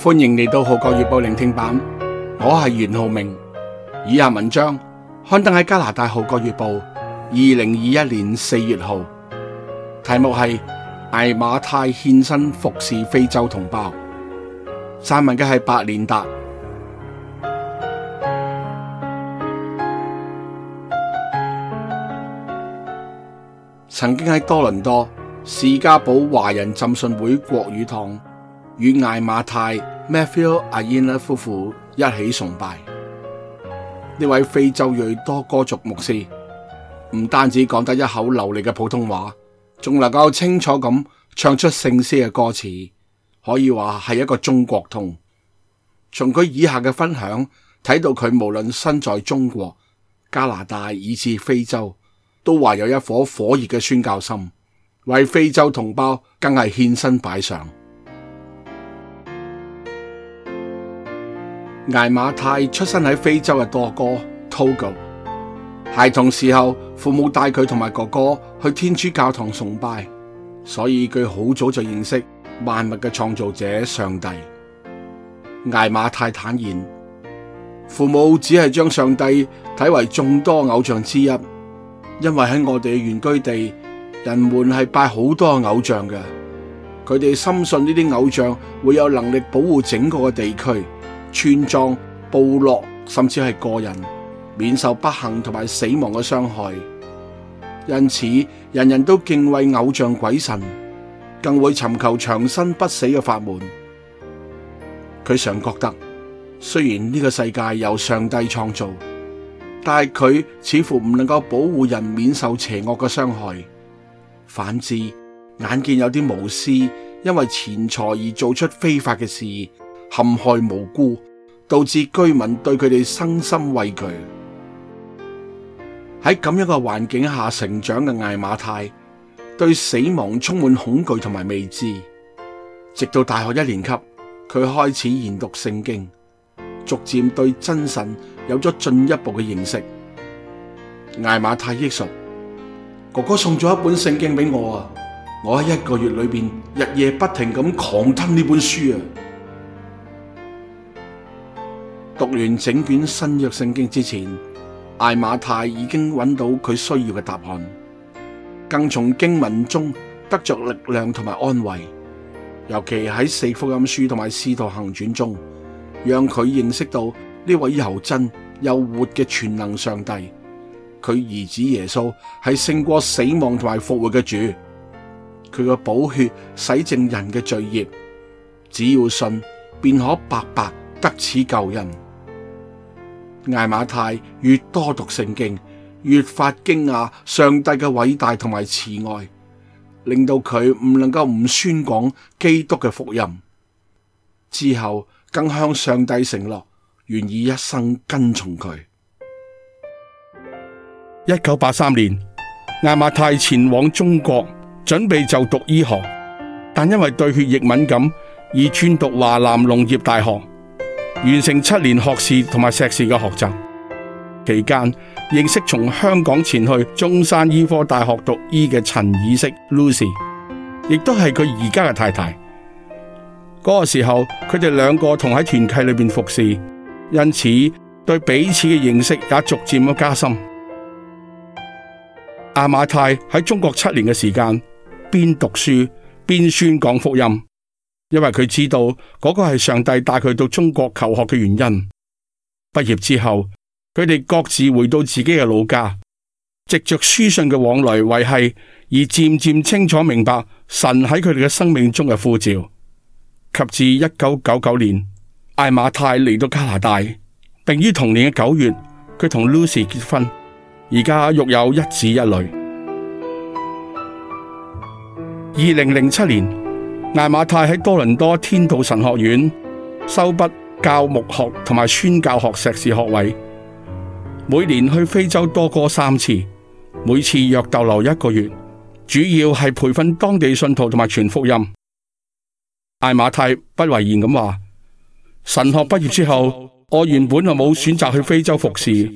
歡迎嚟到《浩國月報》聆聽版，我係袁浩明。以下文章刊登喺加拿大《浩國月報》二零二一年四月號，題目係《艾馬太獻身服侍非洲同胞》，撰文嘅係白連達。曾經喺多倫多士嘉堡華人浸信會國語堂。與艾馬泰 （Matthew a y i n a 夫婦一起崇拜呢位非洲裔多歌族牧師，唔單止講得一口流利嘅普通話，仲能夠清楚咁唱出聖詩嘅歌詞，可以話係一個中國通。從佢以下嘅分享睇到，佢無論身在中國、加拿大以至非洲，都懷有一顆火熱嘅宣教心，為非洲同胞更係獻身擺上。艾馬太出生喺非洲嘅多哥 （Togo），孩童時候父母帶佢同埋哥哥去天主教堂崇拜，所以佢好早就認識萬物嘅創造者上帝。艾馬太坦言，父母只係將上帝睇為眾多偶像之一，因為喺我哋嘅原居地，人們係拜好多偶像嘅，佢哋深信呢啲偶像會有能力保護整個地區。村莊、部落甚至係個人，免受不幸同埋死亡嘅傷害。因此，人人都敬畏偶像鬼神，更會尋求長生不死嘅法門。佢常覺得，雖然呢個世界由上帝創造，但係佢似乎唔能夠保護人免受邪惡嘅傷害。反之，眼見有啲巫師因為錢財而做出非法嘅事。陷害無辜，導致居民對佢哋身心畏懼。喺咁樣嘅環境下成長嘅艾馬太，對死亡充滿恐懼同埋未知。直到大學一年級，佢開始研讀聖經，逐漸對真神有咗進一步嘅認識。艾馬太憶述：哥哥送咗一本聖經俾我啊，我喺一個月裏邊日夜不停咁狂吞呢本書啊。讀完整卷新約聖經之前，艾瑪太已經揾到佢需要嘅答案，更從經文中得着力量同埋安慰，尤其喺四福音書同埋使徒行傳中，讓佢認識到呢位又真又活嘅全能上帝，佢兒子耶穌係勝過死亡同埋復活嘅主，佢嘅寶血洗淨人嘅罪孽，只要信便可白白得此救恩。艾馬太越多讀聖經，越發驚訝上帝嘅偉大同埋慈愛，令到佢唔能夠唔宣講基督嘅福音。之後更向上帝承諾，願意一生跟從佢。一九八三年，艾馬太前往中國，準備就讀醫學，但因為對血液敏感，而轉讀華南農業大學。完成七年學士同埋碩士嘅學習期間，認識從香港前去中山醫科大學讀醫嘅陳以色 Lucy，亦都係佢而家嘅太太。嗰個時候，佢哋兩個同喺團契裏面服侍，因此對彼此嘅認識也逐漸加深。艾馬太喺中國七年嘅時間，邊讀書邊宣講福音。因為佢知道嗰個係上帝帶佢到中國求學嘅原因。畢業之後，佢哋各自回到自己嘅老家，藉着書信嘅往來維繫，而漸漸清楚明白神喺佢哋嘅生命中嘅呼召。及至一九九九年，艾馬太嚟到加拿大，並於同年嘅九月，佢同 Lucy 結婚，而家育有一子一女。二零零七年。艾馬太喺多倫多天道神學院修畢教牧學同埋宣教學碩士學位，每年去非洲多過三次，每次約逗留一個月，主要係培訓當地信徒同埋傳福音。艾馬太不諱言咁話：神學畢業之後，我原本就冇選擇去非洲服侍，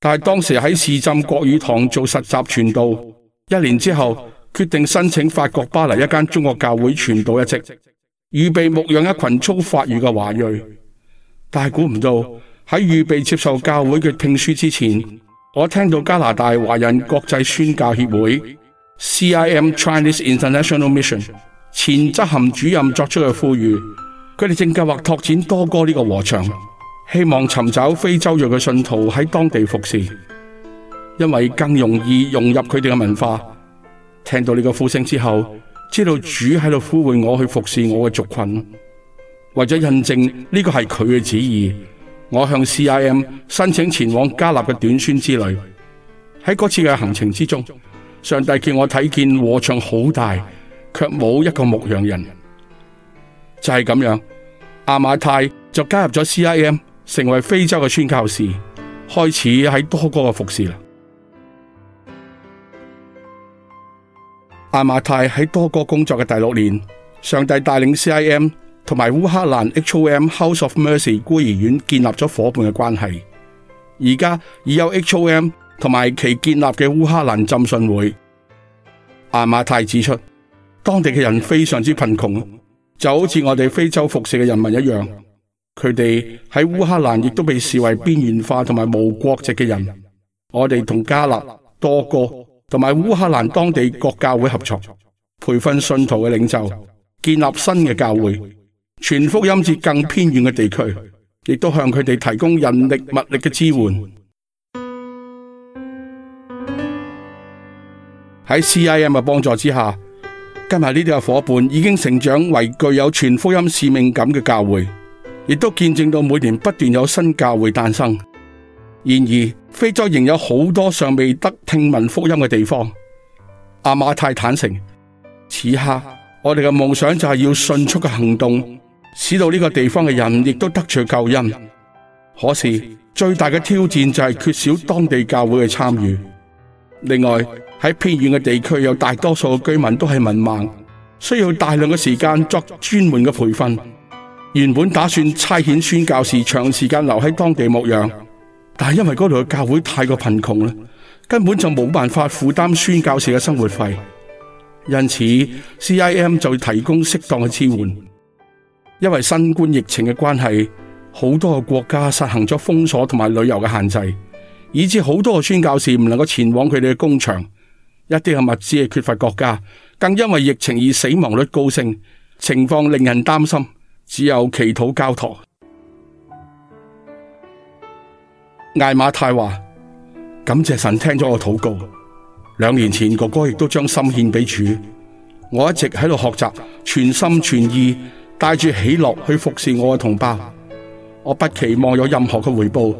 但係當時喺士浸國語堂做實習傳道，一年之後。決定申請法國巴黎一間中國教會傳道一職，預備牧養一群操法語嘅華裔。但是估唔到喺預備接受教會嘅聘書之前，我聽到加拿大華人國際宣教協會 （CIM Chinese International Mission） 前執行主任作出嘅呼籲，佢哋正計劃拓展多哥呢個禾場，希望尋找非洲裔嘅信徒喺當地服侍，因為更容易融入佢哋嘅文化。聽到呢個呼聲之後，知道主喺度呼喚我去服侍我嘅族群，為咗印證呢個係佢嘅旨意，我向 CIM 申請前往加納嘅短宣之旅。喺嗰次嘅行程之中，上帝叫我睇見禾場好大，卻冇一個牧羊人。就係咁樣，艾馬太就加入咗 CIM，成為非洲嘅宣教士，開始喺多哥嘅服侍啦。艾馬太喺多哥工作嘅第六年，上帝帶領 CIM 同埋烏克蘭 HOM House of Mercy 孤兒院建立咗伙伴嘅關係，而家已有 HOM 同埋其建立嘅烏克蘭浸信會。艾馬太指出，當地嘅人非常之貧窮，就好似我哋非洲服侍嘅人民一樣，佢哋喺烏克蘭亦都被視為邊緣化同埋無國籍嘅人。我哋同加納多哥。同埋烏克蘭當地各教會合作，培訓信徒嘅領袖，建立新嘅教會，傳福音至更偏遠嘅地區，亦都向佢哋提供人力物力嘅支援。喺 CIM 嘅幫助之下，今日呢啲嘅伙伴已經成長為具有全福音使命感嘅教會，亦都見證到每年不斷有新教會誕生。然而，非洲仍有好多尚未得聽聞福音嘅地方。艾馬太坦誠，此刻我哋嘅夢想就係要迅速嘅行動，使到呢個地方嘅人亦都得著救恩。可是，最大嘅挑戰就係缺少當地教會嘅參與。另外，喺偏遠嘅地區，有大多數嘅居民都係文盲，需要大量嘅時間作專門嘅培訓。原本打算差遣宣教士長時間留喺當地牧養。但係因為嗰度嘅教會太過貧窮，根本就冇辦法負擔宣教士嘅生活費，因此 CIM 就提供適當嘅支援。因為新冠疫情嘅關係，好多個國家實行咗封鎖同埋旅遊嘅限制，以致好多個宣教士唔能夠前往佢哋嘅工場，一啲物資係缺乏國家，更因為疫情而死亡率高升，情況令人擔心，只有祈禱交託。艾馬太話：感謝神聽咗我禱告。兩年前哥哥亦都將心獻俾主，我一直喺度學習全心全意帶住喜樂去服侍我嘅同胞。我不期望有任何嘅回報，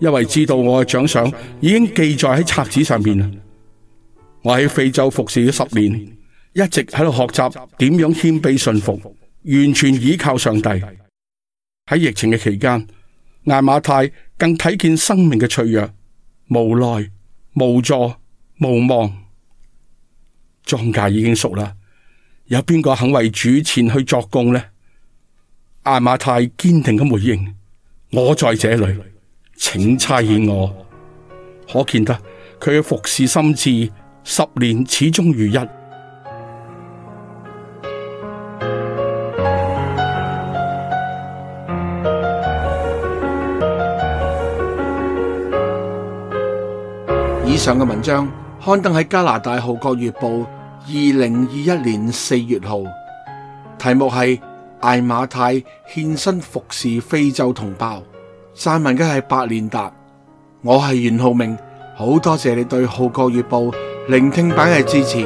因為知道我嘅獎賞已經記載喺冊子上面。我喺非洲服侍咗十年，一直喺度學習點樣謙卑信服，完全倚靠上帝。喺疫情嘅期間，艾馬太。更睇見生命嘅脆弱、無奈、無助、無望，莊稼已經熟了，有邊個肯為主前去作工呢？艾馬太堅定咁回應：我在這裏，請差遣我。我可見得佢嘅服侍心志十年始終如一。上嘅文章刊登喺加拿大《號角月報》二零二一年四月號，題目係艾馬太獻身服侍非洲同胞。撰文嘅係白連達，我係袁浩明，好多謝你對《號角月報》聆聽版嘅支持。